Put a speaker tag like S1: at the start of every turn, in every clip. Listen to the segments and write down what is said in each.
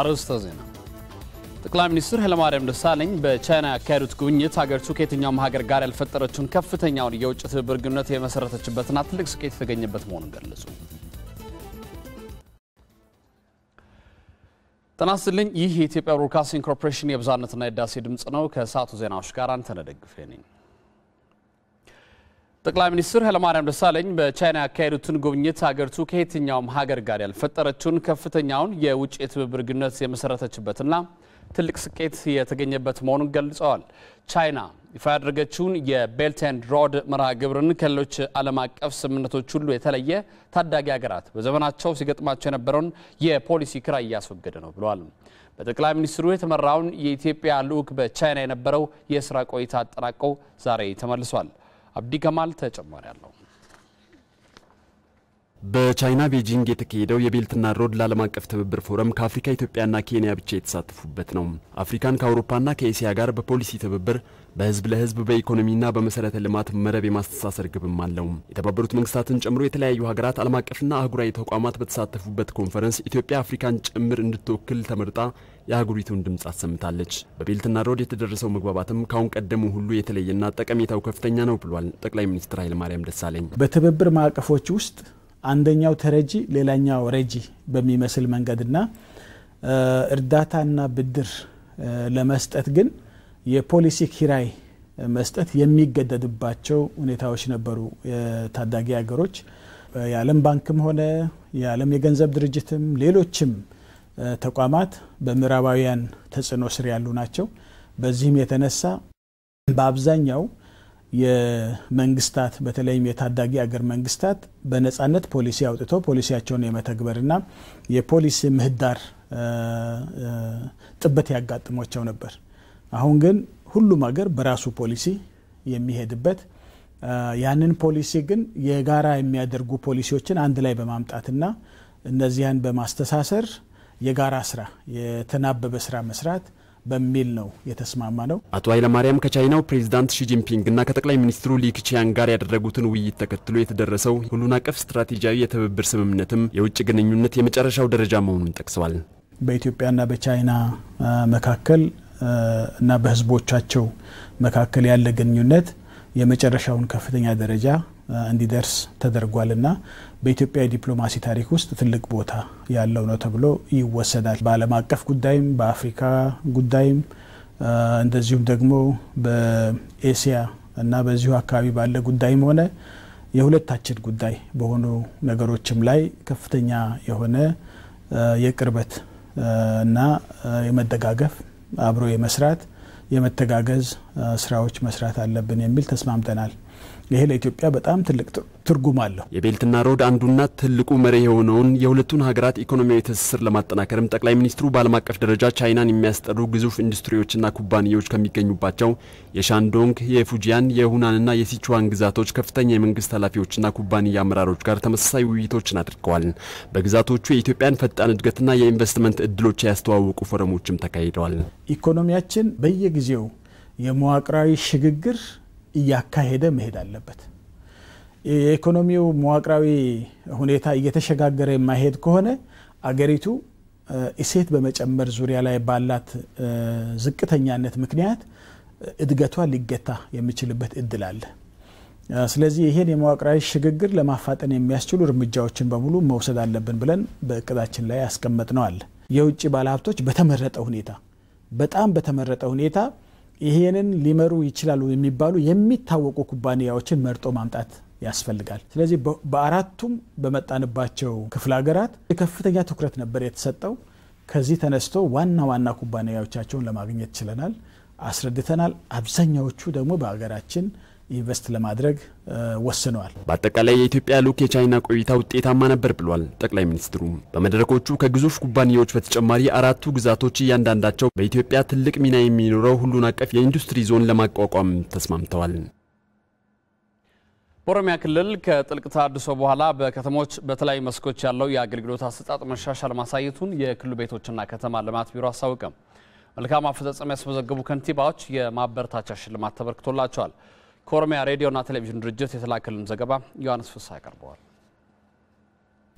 S1: አርዕስተ ዜና። ጠቅላይ ሚኒስትር ኃይለማርያም ደሳለኝ በቻይና ያካሄዱት ጉብኝት ሀገሪቱ ከየትኛውም ሀገር ጋር ያልፈጠረችውን ከፍተኛውን የውጭ ትብብር ግንኙነት የመሰረተችበትና ትልቅ ስኬት የተገኘበት መሆኑን ገለጹ። ጤና ይስጥልኝ። ይህ የኢትዮጵያ ብሮድካስቲንግ ኮርፖሬሽን የብዛነትና የዳሴ ድምፅ ነው። ከሰዓቱ ዜናዎች ጋር አንተነህ ደግፌ ነኝ። ጠቅላይ ሚኒስትር ኃይለማርያም ደሳለኝ በቻይና ያካሄዱትን ጉብኝት ሀገሪቱ ከየትኛውም ሀገር ጋር ያልፈጠረችውን ከፍተኛውን የውጭ የትብብር ግንኙነት የመሰረተችበትና ትልቅ ስኬት የተገኘበት መሆኑን ገልጸዋል። ቻይና ይፋ ያደረገችውን የቤልት ኤንድ ሮድ መርሃ ግብርን ከሌሎች ዓለም አቀፍ ስምምነቶች ሁሉ የተለየ ታዳጊ ሀገራት በዘመናቸው ሲገጥማቸው የነበረውን የፖሊሲ ክራ እያስወገደ ነው ብለዋል። በጠቅላይ ሚኒስትሩ የተመራውን የኢትዮጵያ ልዑክ በቻይና የነበረው የስራ ቆይታ አጠናቀው ዛሬ ተመልሷል። አብዲ ገማል ተጨማሪ አለው። በቻይና ቤጂንግ የተካሄደው የቤልትና ሮድ ለዓለም አቀፍ ትብብር ፎረም ከአፍሪካ ኢትዮጵያና ኬንያ ብቻ የተሳተፉበት ነው። አፍሪካን ከአውሮፓና ከኤስያ ጋር በፖሊሲ ትብብር በህዝብ ለህዝብ በኢኮኖሚና በመሰረተ ልማት መረብ የማስተሳሰር ግብም አለው። የተባበሩት መንግስታትን ጨምሮ የተለያዩ ሀገራት ዓለም አቀፍና አህጉራዊ ተቋማት በተሳተፉበት ኮንፈረንስ ኢትዮጵያ
S2: አፍሪካን ጭምር እንድትወክል ተመርጣ የአህጉሪቱን ድምፅ አሰምታለች። በቤልትና ሮድ የተደረሰው መግባባትም ከአሁን ቀደሙ ሁሉ የተለየና ጠቀሜታው ከፍተኛ ነው ብሏል ጠቅላይ ሚኒስትር ኃይለማርያም ደሳለኝ በትብብር ማዕቀፎች ውስጥ አንደኛው ተረጂ ሌላኛው ረጂ በሚመስል መንገድና እርዳታና ብድር ለመስጠት ግን የፖሊሲ ኪራይ መስጠት የሚገደድባቸው ሁኔታዎች ነበሩ። የታዳጊ ሀገሮች የዓለም ባንክም ሆነ የዓለም የገንዘብ ድርጅትም ሌሎችም ተቋማት በምዕራባውያን ተጽዕኖ ስር ያሉ ናቸው። በዚህም የተነሳ በአብዛኛው የመንግስታት በተለይም የታዳጊ አገር መንግስታት በነጻነት ፖሊሲ አውጥቶ ፖሊሲያቸውን የመተግበርና የፖሊሲ ምህዳር ጥበት ያጋጥሟቸው ነበር። አሁን ግን ሁሉም አገር በራሱ ፖሊሲ የሚሄድበት ያንን ፖሊሲ ግን
S1: የጋራ የሚያደርጉ ፖሊሲዎችን አንድ ላይ በማምጣትና እነዚያን በማስተሳሰር የጋራ ስራ የተናበበ ስራ መስራት በሚል ነው የተስማማ ነው። አቶ ኃይለማርያም
S2: ከቻይናው ፕሬዚዳንት ሺጂንፒንግ እና ከጠቅላይ ሚኒስትሩ ሊክቺያን ጋር ያደረጉትን ውይይት ተከትሎ የተደረሰው ሁሉን አቀፍ ስትራቴጂያዊ የትብብር ስምምነትም የውጭ ግንኙነት የመጨረሻው ደረጃ መሆኑን ጠቅሰዋል። በኢትዮጵያና በቻይና መካከል እና በህዝቦቻቸው መካከል ያለ ግንኙነት የመጨረሻውን ከፍተኛ ደረጃ እንዲደርስ ተደርጓልና በኢትዮጵያ የዲፕሎማሲ ታሪክ ውስጥ ትልቅ ቦታ ያለው ነው ተብሎ ይወሰዳል። በዓለም አቀፍ ጉዳይም በአፍሪካ ጉዳይም እንደዚሁም ደግሞ በኤሲያ እና በዚሁ አካባቢ ባለ ጉዳይም ሆነ የሁለታችን ጉዳይ በሆኑ ነገሮችም ላይ ከፍተኛ የሆነ የቅርበት
S1: እና የመደጋገፍ አብሮ የመስራት የመተጋገዝ ስራዎች መስራት አለብን የሚል ተስማምተናል። ይሄ ለኢትዮጵያ በጣም ትልቅ ትርጉም አለው። የቤልትና ሮድ አንዱና ትልቁ መሪ የሆነውን የሁለቱን ሀገራት ኢኮኖሚያዊ ትስስር ለማጠናከርም ጠቅላይ ሚኒስትሩ በዓለም አቀፍ ደረጃ ቻይናን የሚያስጠሩ ግዙፍ ኢንዱስትሪዎችና ኩባንያዎች ከሚገኙባቸው የሻንዶንግ፣ የፉጂያን፣ የሁናንና
S2: የሲቹዋን ግዛቶች ከፍተኛ የመንግስት ኃላፊዎችና ኩባንያ አመራሮች ጋር ተመሳሳይ ውይይቶችን አድርገዋል። በግዛቶቹ የኢትዮጵያን ፈጣን እድገትና የኢንቨስትመንት እድሎች ያስተዋወቁ ፎረሞችም ተካሂደዋል። ኢኮኖሚያችን በየጊዜው የመዋቅራዊ ሽግግር እያካሄደ መሄድ አለበት። የኢኮኖሚው መዋቅራዊ ሁኔታ እየተሸጋገረ የማይሄድ ከሆነ አገሪቱ እሴት በመጨመር ዙሪያ ላይ ባላት ዝቅተኛነት ምክንያት እድገቷ ሊገታ የሚችልበት እድል አለ። ስለዚህ ይሄን የመዋቅራዊ ሽግግር ለማፋጠን የሚያስችሉ እርምጃዎችን በሙሉ መውሰድ አለብን ብለን በእቅዳችን ላይ ያስቀመጥነዋል። የውጭ ባለሀብቶች በተመረጠ ሁኔታ በጣም በተመረጠ ሁኔታ ይሄንን ሊመሩ ይችላሉ የሚባሉ የሚታወቁ ኩባንያዎችን መርጦ ማምጣት ያስፈልጋል። ስለዚህ በአራቱም በመጣንባቸው ክፍለ ሀገራት ከፍተኛ ትኩረት ነበር
S1: የተሰጠው። ከዚህ ተነስቶ ዋና ዋና ኩባንያዎቻቸውን ለማግኘት ችለናል፣ አስረድተናል። አብዛኛዎቹ ደግሞ በሀገራችን ኢንቨስት ለማድረግ ወስነዋል። በአጠቃላይ የኢትዮጵያ ልዑክ የቻይና ቆይታ ውጤታማ ነበር ብሏል ጠቅላይ ሚኒስትሩ። በመድረኮቹ ከግዙፍ ኩባንያዎች በተጨማሪ አራቱ ግዛቶች እያንዳንዳቸው በኢትዮጵያ ትልቅ ሚና የሚኖረው ሁሉን አቀፍ የኢንዱስትሪ ዞን ለማቋቋም ተስማምተዋል። በኦሮሚያ ክልል ከጥልቅ ተሃድሶ በኋላ በከተሞች በተለያዩ መስኮች ያለው የአገልግሎት አሰጣጥ መሻሻል ማሳየቱን የክልሉ ቤቶችና ከተማ ልማት ቢሮ አስታወቀም። መልካም አፈጻጸም ያስመዘገቡ ከንቲባዎች የማበረታቻ ሽልማት ተበርክቶላቸዋል። ከኦሮሚያ ሬዲዮና ቴሌቪዥን ድርጅት የተላከልን ዘገባ ዮሐንስ ፍስሐ ያቀርበዋል።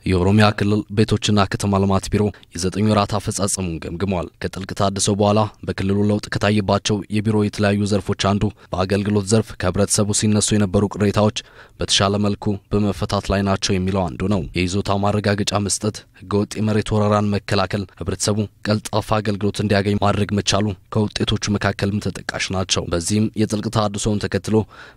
S1: የኦሮሚያ ክልል ቤቶችና ከተማ ልማት ቢሮ የዘጠኝ ወራት አፈጻጸሙን ገምግመዋል። ከጥልቅ ታድሶ በኋላ በክልሉ ለውጥ ከታየባቸው የቢሮ የተለያዩ ዘርፎች አንዱ በአገልግሎት ዘርፍ ከህብረተሰቡ ሲነሱ የነበሩ ቅሬታዎች በተሻለ መልኩ በመፈታት ላይ ናቸው የሚለው አንዱ ነው። የይዞታ ማረጋገጫ መስጠት፣ ህገወጥ የመሬት ወረራን መከላከል፣ ህብረተሰቡ ቀልጣፋ አገልግሎት እንዲያገኝ ማድረግ መቻሉ ከውጤቶቹ መካከልም ተጠቃሽ ናቸው። በዚህም የጥልቅ ታድሶውን ተከትሎ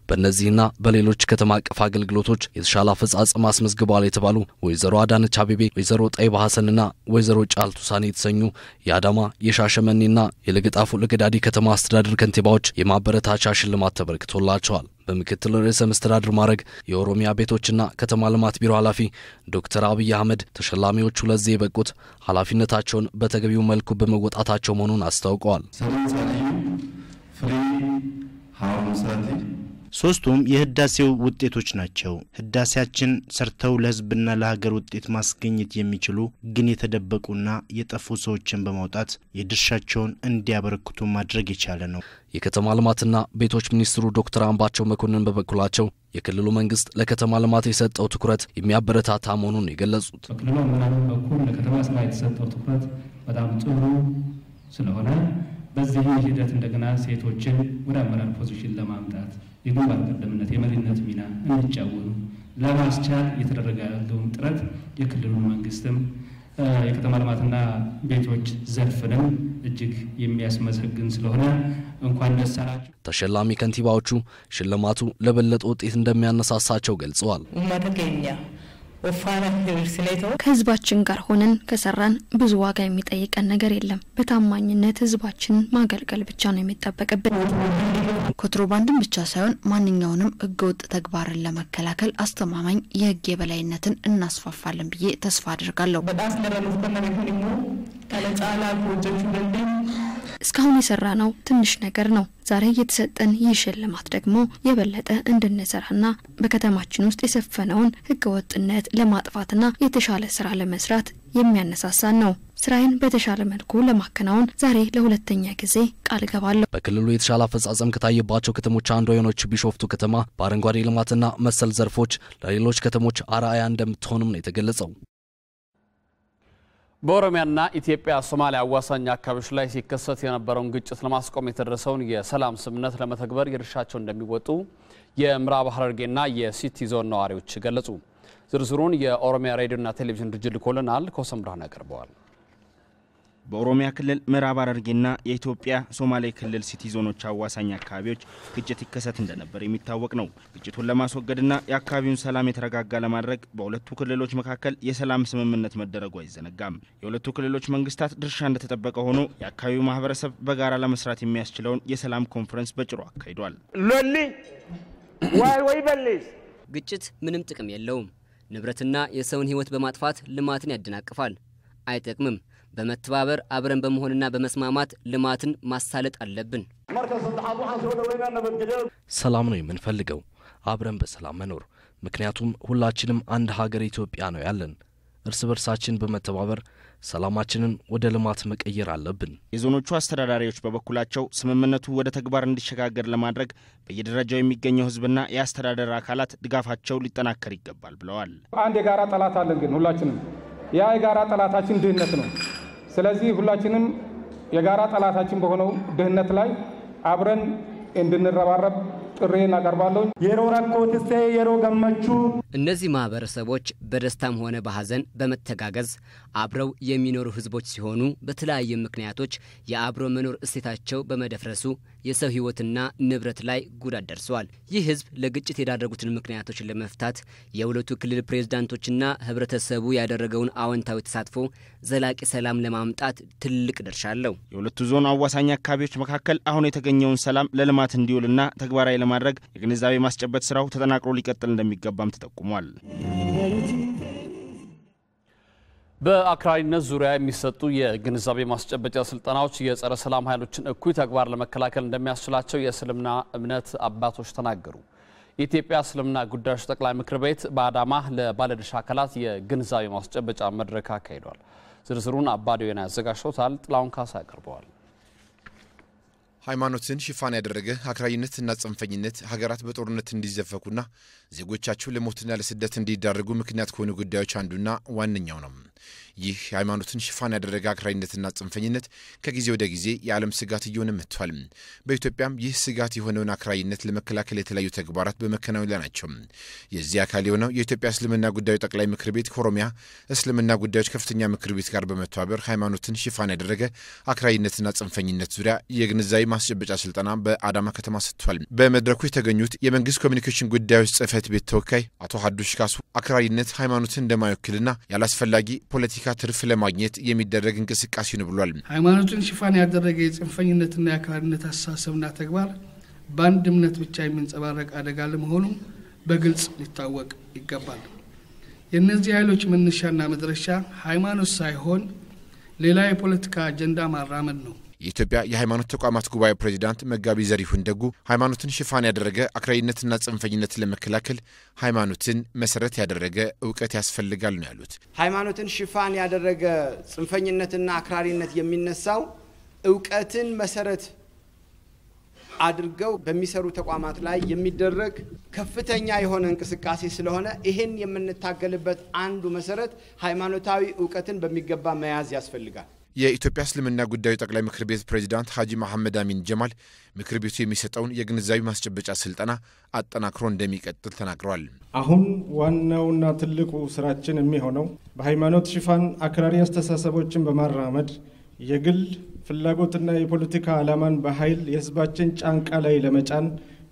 S1: በእነዚህና በሌሎች ከተማ አቀፍ አገልግሎቶች የተሻለ አፈጻጸም አስመዝግበዋል የተባሉ ወይዘሮ ወይዘሮ አዳነች አቤቤ፣ ወይዘሮ ጠይባ ሀሰንና ወይዘሮ ጫልቱ ሳኒ የተሰኙ የአዳማ የሻሸመኔና የለገጣፎ ለገዳዲ ከተማ አስተዳደር ከንቲባዎች የማበረታቻ ሽልማት ተበርክቶላቸዋል። በምክትል ርዕሰ መስተዳድር ማድረግ የኦሮሚያ ቤቶችና ከተማ ልማት ቢሮ ኃላፊ ዶክተር አብይ አህመድ ተሸላሚዎቹ ለዚህ የበቁት ኃላፊነታቸውን በተገቢው መልኩ በመወጣታቸው መሆኑን አስታውቀዋል። ሶስቱም የህዳሴው ውጤቶች ናቸው። ህዳሴያችን ሰርተው ለህዝብና ለሀገር ውጤት ማስገኘት የሚችሉ ግን የተደበቁና የጠፉ ሰዎችን በማውጣት የድርሻቸውን እንዲያበረክቱ ማድረግ የቻለ ነው። የከተማ ልማትና ቤቶች ሚኒስትሩ ዶክተር አምባቸው መኮንን በበኩላቸው የክልሉ መንግስት ለከተማ ልማት የሰጠው ትኩረት የሚያበረታታ መሆኑን የገለጹት በክልሉ አመራሮች በኩል ለከተማ ስራ የተሰጠው ትኩረት በጣም ጥሩ ስለሆነ በዚህ ሂደት እንደገና ሴቶችን ወደ አመራር ፖዚሽን ለማምጣት የግንባር ቀደምነት የመሪነት ሚና እንዲጫወቱ ለማስቻል እየተደረገ ያለውን ጥረት የክልሉን መንግስትም የከተማ ልማትና ቤቶች ዘርፍንም እጅግ የሚያስመሰግን ስለሆነ እንኳን ደስ አላችሁ። ተሸላሚ ከንቲባዎቹ ሽልማቱ ለበለጠ ውጤት እንደሚያነሳሳቸው ገልጸዋል።
S3: ከህዝባችን ጋር ሆነን ከሰራን ብዙ ዋጋ የሚጠይቀን ነገር የለም። በታማኝነት ህዝባችንን ማገልገል ብቻ ነው የሚጠበቅብን። ኮንትሮባንድን ብቻ ሳይሆን ማንኛውንም ህገወጥ ተግባርን ለመከላከል አስተማማኝ የህግ የበላይነትን እናስፋፋለን ብዬ ተስፋ አድርጋለሁ። እስካሁን የሰራነው ትንሽ ነገር ነው። ዛሬ የተሰጠን ይህ ሽልማት ደግሞ የበለጠ እንድንሰራና በከተማችን ውስጥ የሰፈነውን ህገወጥነት ለማጥፋትና የተሻለ ስራ ለመስራት የሚያነሳሳን ነው። ስራዬን በተሻለ መልኩ ለማከናወን ዛሬ ለሁለተኛ ጊዜ ቃል ገባለሁ።
S1: በክልሉ የተሻለ አፈጻጸም ከታየባቸው ከተሞች አንዷ የሆነችው ቢሾፍቱ ከተማ በአረንጓዴ ልማትና መሰል ዘርፎች ለሌሎች ከተሞች አርአያ እንደምትሆንም ነው የተገለጸው። በኦሮሚያና ኢትዮጵያ ሶማሊያ አዋሳኝ አካባቢዎች ላይ ሲከሰት የነበረውን ግጭት ለማስቆም የተደረሰውን የሰላም ስምምነት ለመተግበር የድርሻቸው እንደሚወጡ የምዕራብ ሐረርጌና የሲቲ ዞን ነዋሪዎች ገለጹ። ዝርዝሩን የኦሮሚያ ሬዲዮና ቴሌቪዥን ድርጅት ልኮልናል። ኮሰም ብርሃን ያቀርበዋል። በኦሮሚያ ክልል ምዕራብ ሐረርጌና የኢትዮጵያ ሶማሌ ክልል ሲቲ ዞኖች አዋሳኝ አካባቢዎች ግጭት ይከሰት እንደነበር የሚታወቅ ነው። ግጭቱን ለማስወገድና የአካባቢውን ሰላም የተረጋጋ ለማድረግ በሁለቱ ክልሎች መካከል የሰላም ስምምነት መደረጉ አይዘነጋም። የሁለቱ ክልሎች መንግስታት ድርሻ እንደተጠበቀ ሆኖ የአካባቢው ማህበረሰብ በጋራ ለመስራት የሚያስችለውን የሰላም ኮንፈረንስ በጭሮ አካሂዷል። ሎሊ ዋይ ወይ ግጭት ምንም ጥቅም የለውም። ንብረትና የሰውን ህይወት በማጥፋት ልማትን ያደናቅፋል፣ አይጠቅምም። በመተባበር አብረን በመሆንና በመስማማት ልማትን ማሳለጥ አለብን። ሰላም ነው የምንፈልገው፣ አብረን በሰላም መኖር። ምክንያቱም ሁላችንም አንድ ሀገር ኢትዮጵያ ነው ያለን። እርስ በርሳችን በመተባበር ሰላማችንን ወደ ልማት መቀየር አለብን። የዞኖቹ አስተዳዳሪዎች በበኩላቸው ስምምነቱ ወደ ተግባር እንዲሸጋገር ለማድረግ በየደረጃው የሚገኘው ሕዝብና የአስተዳደር አካላት ድጋፋቸው ሊጠናከር ይገባል ብለዋል። አንድ የጋራ ጠላት አለን ግን ሁላችንም ያ የጋራ ጠላታችን ድህነት ነው። ስለዚህ ሁላችንም የጋራ ጠላታችን በሆነው ድህነት ላይ አብረን እንድንረባረብ ጥሬ እናቀርባለሁ። የሮ ረኮ ትሴ የሮ ገመቹ። እነዚህ ማህበረሰቦች በደስታም ሆነ በሀዘን በመተጋገዝ አብረው የሚኖሩ ህዝቦች ሲሆኑ በተለያዩ ምክንያቶች የአብሮ መኖር እሴታቸው በመደፍረሱ የሰው ሕይወትና ንብረት ላይ ጉዳት ደርሰዋል። ይህ ህዝብ ለግጭት የዳረጉትን ምክንያቶች ለመፍታት የሁለቱ ክልል ፕሬዝዳንቶችና ህብረተሰቡ ያደረገውን አዎንታዊ ተሳትፎ ዘላቂ ሰላም ለማምጣት ትልቅ ድርሻ አለው። የሁለቱ ዞን አዋሳኝ አካባቢዎች መካከል አሁን የተገኘውን ሰላም ለልማት እንዲውልና ተግባራዊ ለማድረግ የግንዛቤ ማስጨበጥ ስራው ተጠናቅሮ ሊቀጥል እንደሚገባም ተጠቁሟል። በአክራሪነት ዙሪያ የሚሰጡ የግንዛቤ ማስጨበጫ ስልጠናዎች የጸረ ሰላም ኃይሎችን እኩይ ተግባር ለመከላከል እንደሚያስችላቸው የእስልምና እምነት አባቶች ተናገሩ። የኢትዮጵያ እስልምና ጉዳዮች ጠቅላይ ምክር ቤት በአዳማ ለባለድርሻ አካላት የግንዛቤ ማስጨበጫ መድረክ አካሂዷል። ዝርዝሩን አባዲዮና ያዘጋጅቶታል። ጥላውን ካሳ ያቀርበዋል። ሃይማኖትን ሽፋን ያደረገ አክራሪነትና ጽንፈኝነት ሀገራት በጦርነት እንዲዘፈኩና ዜጎቻቸው ለሞትና ለስደት እንዲዳረጉ ምክንያት ከሆኑ ጉዳዮች አንዱና ዋነኛው ነው። ይህ ሃይማኖትን ሽፋን ያደረገ አክራሪነትና ጽንፈኝነት ከጊዜ ወደ ጊዜ የዓለም ስጋት እየሆነ መጥቷል። በኢትዮጵያም ይህ ስጋት የሆነውን አክራሪነት ለመከላከል የተለያዩ ተግባራት በመከናወን ላይ ናቸው። የዚህ አካል የሆነው የኢትዮጵያ እስልምና ጉዳዮች ጠቅላይ ምክር ቤት ከኦሮሚያ እስልምና ጉዳዮች ከፍተኛ ምክር ቤት ጋር በመተባበር ሃይማኖትን ሽፋን ያደረገ አክራሪነትና ጽንፈኝነት ዙሪያ የግንዛቤ ማስጨበጫ ስልጠና በአዳማ ከተማ ሰጥቷል። በመድረኩ የተገኙት የመንግስት ኮሚኒኬሽን ጉዳዮች ጽህፈት ቤት ተወካይ አቶ ሀዱሽ ካሱ አክራሪነት ሃይማኖትን እንደማይወክልና ያላስፈላጊ ፖለቲካ ትርፍ ለማግኘት የሚደረግ እንቅስቃሴ ነው ብሏል።
S4: ሃይማኖትን ሽፋን ያደረገ የጽንፈኝነትና የአክራሪነት አስተሳሰብና ተግባር በአንድ እምነት ብቻ የሚንጸባረቅ አደጋ ለመሆኑ በግልጽ ሊታወቅ ይገባል። የእነዚህ ኃይሎች መነሻና መድረሻ ሃይማኖት ሳይሆን ሌላ የፖለቲካ አጀንዳ ማራመድ ነው።
S1: የኢትዮጵያ የሃይማኖት ተቋማት ጉባኤ ፕሬዚዳንት መጋቢ ዘሪሁን ደጉ ሃይማኖትን ሽፋን ያደረገ አክራሪነትና ጽንፈኝነትን ለመከላከል ሃይማኖትን መሰረት ያደረገ እውቀት ያስፈልጋል ነው ያሉት።
S4: ሃይማኖትን ሽፋን ያደረገ ጽንፈኝነትና አክራሪነት የሚነሳው እውቀትን መሰረት አድርገው በሚሰሩ ተቋማት ላይ የሚደረግ ከፍተኛ የሆነ እንቅስቃሴ ስለሆነ ይህን የምንታገልበት አንዱ መሰረት ሃይማኖታዊ እውቀትን በሚገባ መያዝ ያስፈልጋል።
S1: የኢትዮጵያ እስልምና ጉዳዩ ጠቅላይ ምክር ቤት ፕሬዚዳንት ሐጂ መሐመድ አሚን ጀማል ምክር ቤቱ የሚሰጠውን የግንዛቤ ማስጨበጫ ስልጠና አጠናክሮ እንደሚቀጥል ተናግረዋል።
S5: አሁን ዋናውና ትልቁ ስራችን የሚሆነው በሃይማኖት ሽፋን አክራሪ አስተሳሰቦችን በማራመድ የግል ፍላጎትና የፖለቲካ ዓላማን በኃይል የህዝባችን ጫንቃ ላይ ለመጫን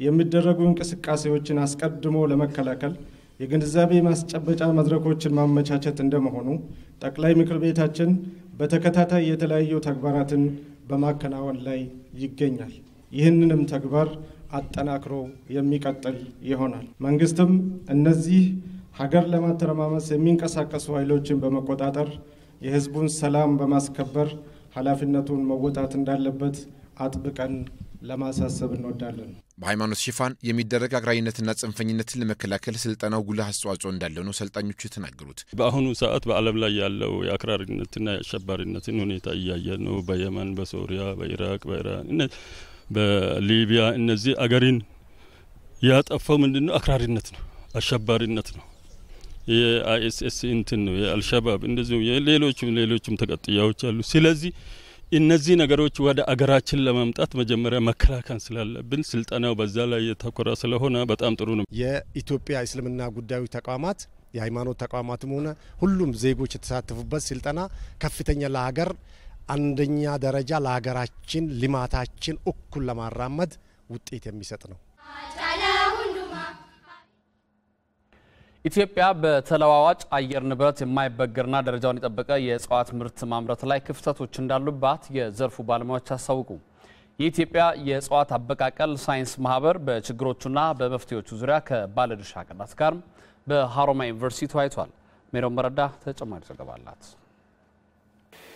S5: የሚደረጉ እንቅስቃሴዎችን አስቀድሞ ለመከላከል የግንዛቤ ማስጨበጫ መድረኮችን ማመቻቸት እንደመሆኑ ጠቅላይ ምክር ቤታችን በተከታታይ የተለያዩ ተግባራትን በማከናወን ላይ ይገኛል። ይህንንም ተግባር አጠናክሮ የሚቀጥል ይሆናል። መንግስትም እነዚህ ሀገር ለማተረማመስ የሚንቀሳቀሱ ኃይሎችን በመቆጣጠር የህዝቡን ሰላም በማስከበር ኃላፊነቱን መወጣት እንዳለበት አጥብቀን ለማሳሰብ እንወዳለን።
S1: በሃይማኖት ሽፋን የሚደረግ አክራሪነትና ጽንፈኝነትን ለመከላከል ስልጠናው ጉልህ አስተዋጽኦ እንዳለው ነው ሰልጣኞቹ የተናገሩት።
S6: በአሁኑ ሰዓት በዓለም ላይ ያለው የአክራሪነትና የአሸባሪነትን ሁኔታ እያየ ነው። በየመን፣ በሶሪያ፣ በኢራቅ፣ በኢራን፣ በሊቢያ እነዚህ አገሪን ያጠፋው ምንድን ነው? አክራሪነት ነው፣ አሸባሪነት ነው። የአይኤስኤስ እንትን ነው፣ የአልሸባብ እንደዚሁ ሌሎችም ሌሎችም ተቀጥያዎች አሉ። ስለዚህ እነዚህ ነገሮች ወደ አገራችን ለማምጣት መጀመሪያ መከላከል ስላለብን ስልጠናው በዛ ላይ የተኮራ ስለሆነ በጣም ጥሩ ነው።
S2: የኢትዮጵያ እስልምና ጉዳዮች ተቋማት የሃይማኖት ተቋማትም ሆነ ሁሉም ዜጎች የተሳተፉበት ስልጠና ከፍተኛ ለሀገር አንደኛ ደረጃ ለሀገራችን ልማታችን እኩል ለማራመድ ውጤት የሚሰጥ ነው።
S1: ኢትዮጵያ በተለዋዋጭ አየር ንብረት የማይበገርና ደረጃውን የጠበቀ የእጽዋት ምርት ማምረት ላይ ክፍተቶች እንዳሉባት የዘርፉ ባለሙያዎች አሳውቁ። የኢትዮጵያ የእጽዋት አበቃቀል ሳይንስ ማህበር በችግሮቹና በመፍትሄዎቹ ዙሪያ ከባለድርሻ አካላት ጋር በሃሮማ ዩኒቨርሲቲ ተወያይቷል። ሜሮን መረዳ ተጨማሪ ዘገባ አላት።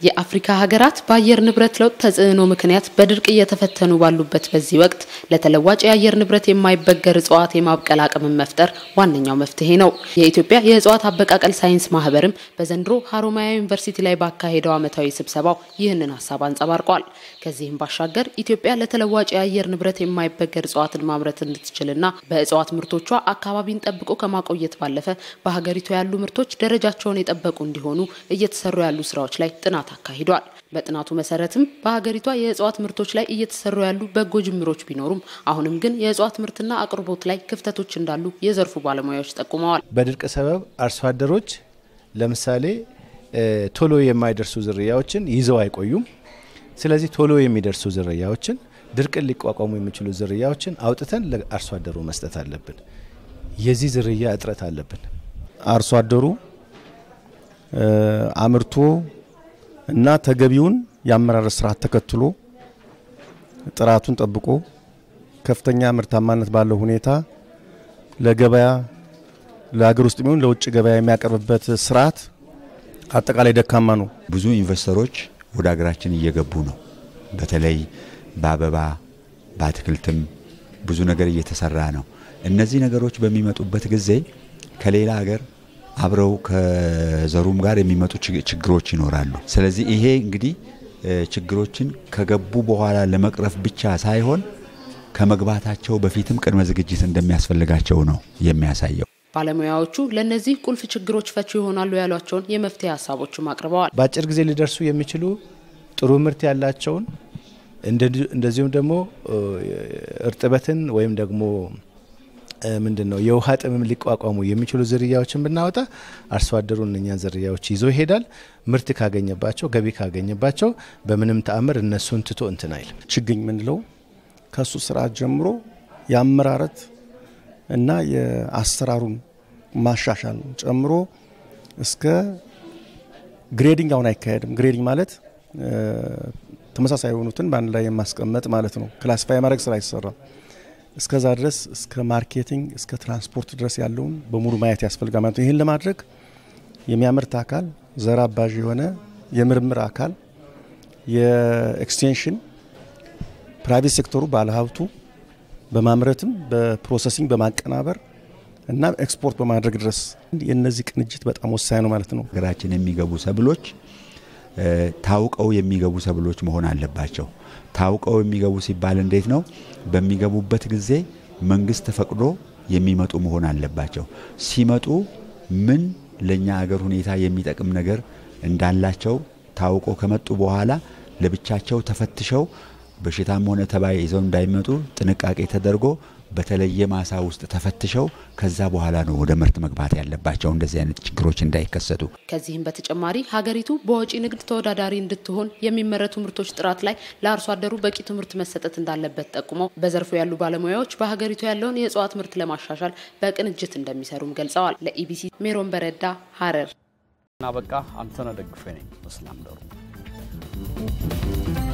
S3: የአፍሪካ ሀገራት በአየር ንብረት ለውጥ ተጽዕኖ ምክንያት በድርቅ እየተፈተኑ ባሉበት በዚህ ወቅት ለተለዋጭ የአየር ንብረት የማይበገር እጽዋት የማብቀል አቅምን መፍጠር ዋነኛው መፍትሄ ነው። የኢትዮጵያ የእጽዋት አበቃቀል ሳይንስ ማህበርም በዘንድሮ ሀሮማያ ዩኒቨርሲቲ ላይ ባካሄደው ዓመታዊ ስብሰባው ይህንን ሀሳብ አንጸባርቋል። ከዚህም ባሻገር ኢትዮጵያ ለተለዋጭ የአየር ንብረት የማይበገር እጽዋትን ማምረት እንድትችልና በእጽዋት ምርቶቿ አካባቢን ጠብቆ ከማቆየት ባለፈ በሀገሪቱ ያሉ ምርቶች ደረጃቸውን የጠበቁ እንዲሆኑ እየተሰሩ ያሉ ስራዎች ላይ ጥናት ጥናት አካሂዷል። በጥናቱ መሰረትም በሀገሪቷ የእጽዋት ምርቶች ላይ እየተሰሩ ያሉ በጎ ጅምሮች ቢኖሩም አሁንም ግን የእጽዋት ምርትና አቅርቦት ላይ ክፍተቶች እንዳሉ የዘርፉ ባለሙያዎች ጠቁመዋል።
S7: በድርቅ ሰበብ አርሶ አደሮች ለምሳሌ ቶሎ የማይደርሱ ዝርያዎችን ይዘው አይቆዩም። ስለዚህ ቶሎ የሚደርሱ ዝርያዎችን፣ ድርቅን ሊቋቋሙ የሚችሉ ዝርያዎችን አውጥተን ለአርሶ አደሩ መስጠት አለብን። የዚህ ዝርያ እጥረት አለብን። አርሶ አደሩ አምርቶ እና ተገቢውን የአመራር ስርዓት ተከትሎ ጥራቱን ጠብቆ ከፍተኛ ምርታማነት ባለው ሁኔታ ለገበያ ለሀገር ውስጥ የሚሆን ለውጭ ገበያ የሚያቀርብበት ስርዓት አጠቃላይ ደካማ ነው።
S8: ብዙ ኢንቨስተሮች ወደ ሀገራችን እየገቡ ነው። በተለይ በአበባ በአትክልትም ብዙ ነገር እየተሰራ ነው። እነዚህ ነገሮች በሚመጡበት ጊዜ ከሌላ ሀገር አብረው ከዘሩም ጋር የሚመጡ ችግሮች ይኖራሉ። ስለዚህ ይሄ እንግዲህ ችግሮችን ከገቡ በኋላ ለመቅረፍ ብቻ ሳይሆን ከመግባታቸው በፊትም ቅድመ ዝግጅት እንደሚያስፈልጋቸው ነው የሚያሳየው።
S3: ባለሙያዎቹ ለእነዚህ ቁልፍ ችግሮች ፈቺ ይሆናሉ ያሏቸውን የመፍትሄ ሀሳቦችም አቅርበዋል።
S7: በአጭር ጊዜ ሊደርሱ የሚችሉ ጥሩ ምርት ያላቸውን እንደዚሁም ደግሞ እርጥበትን ወይም ደግሞ ምንድን ነው የውሃ ጥምም ሊቋቋሙ የሚችሉ ዝርያዎችን ብናወጣ አርሶ አደሩ እነኛን ዝርያዎች ይዞ ይሄዳል። ምርት ካገኘባቸው፣ ገቢ ካገኘባቸው በምንም ተአምር እነሱን ትቶ እንትን አይል። ችግኝ ምንለው ከእሱ ስርዓት ጀምሮ የአመራረት እና የአሰራሩን ማሻሻል ጨምሮ እስከ ግሬዲንግ አሁን አይካሄድም። ግሬዲንግ ማለት ተመሳሳይ የሆኑትን በአንድ ላይ የማስቀመጥ ማለት ነው። ክላሲፋይ ማድረግ ስራ አይሰራም። እስከዛ ድረስ እስከ ማርኬቲንግ እስከ ትራንስፖርት ድረስ ያለውን በሙሉ ማየት ያስፈልጋል ማለት ነው። ይህን ለማድረግ የሚያመርት አካል ዘር አባዥ የሆነ የምርምር አካል፣ የኤክስቴንሽን፣ ፕራይቬት ሴክተሩ ባለሀብቱ በማምረትም በፕሮሰሲንግ በማቀናበር እና ኤክስፖርት በማድረግ ድረስ የእነዚህ ቅንጅት በጣም ወሳኝ ነው ማለት ነው።
S8: ሀገራችን የሚገቡ ሰብሎች ታውቀው የሚገቡ ሰብሎች መሆን አለባቸው። ታውቀው የሚገቡ ሲባል እንዴት ነው? በሚገቡበት ጊዜ መንግስት ተፈቅዶ የሚመጡ መሆን አለባቸው። ሲመጡ ምን ለእኛ አገር ሁኔታ የሚጠቅም ነገር እንዳላቸው ታውቆ ከመጡ በኋላ ለብቻቸው ተፈትሸው በሽታም ሆነ ተባይ ይዘው እንዳይመጡ ጥንቃቄ ተደርጎ በተለየ ማሳ ውስጥ ተፈትሸው ከዛ በኋላ ነው ወደ ምርት መግባት ያለባቸው እንደዚህ አይነት ችግሮች እንዳይከሰቱ።
S3: ከዚህም በተጨማሪ ሀገሪቱ በወጪ ንግድ ተወዳዳሪ እንድትሆን የሚመረቱ ምርቶች ጥራት ላይ ለአርሶ አደሩ በቂ ትምህርት መሰጠት እንዳለበት ጠቁመው በዘርፉ ያሉ ባለሙያዎች በሀገሪቱ ያለውን የእጽዋት ምርት ለማሻሻል በቅንጅት እንደሚሰሩም ገልጸዋል። ለኢቢሲ ሜሮን በረዳ ሀረር እና በቃ አንተነህ ደግፈኝ ነኝ እስላም ደሩ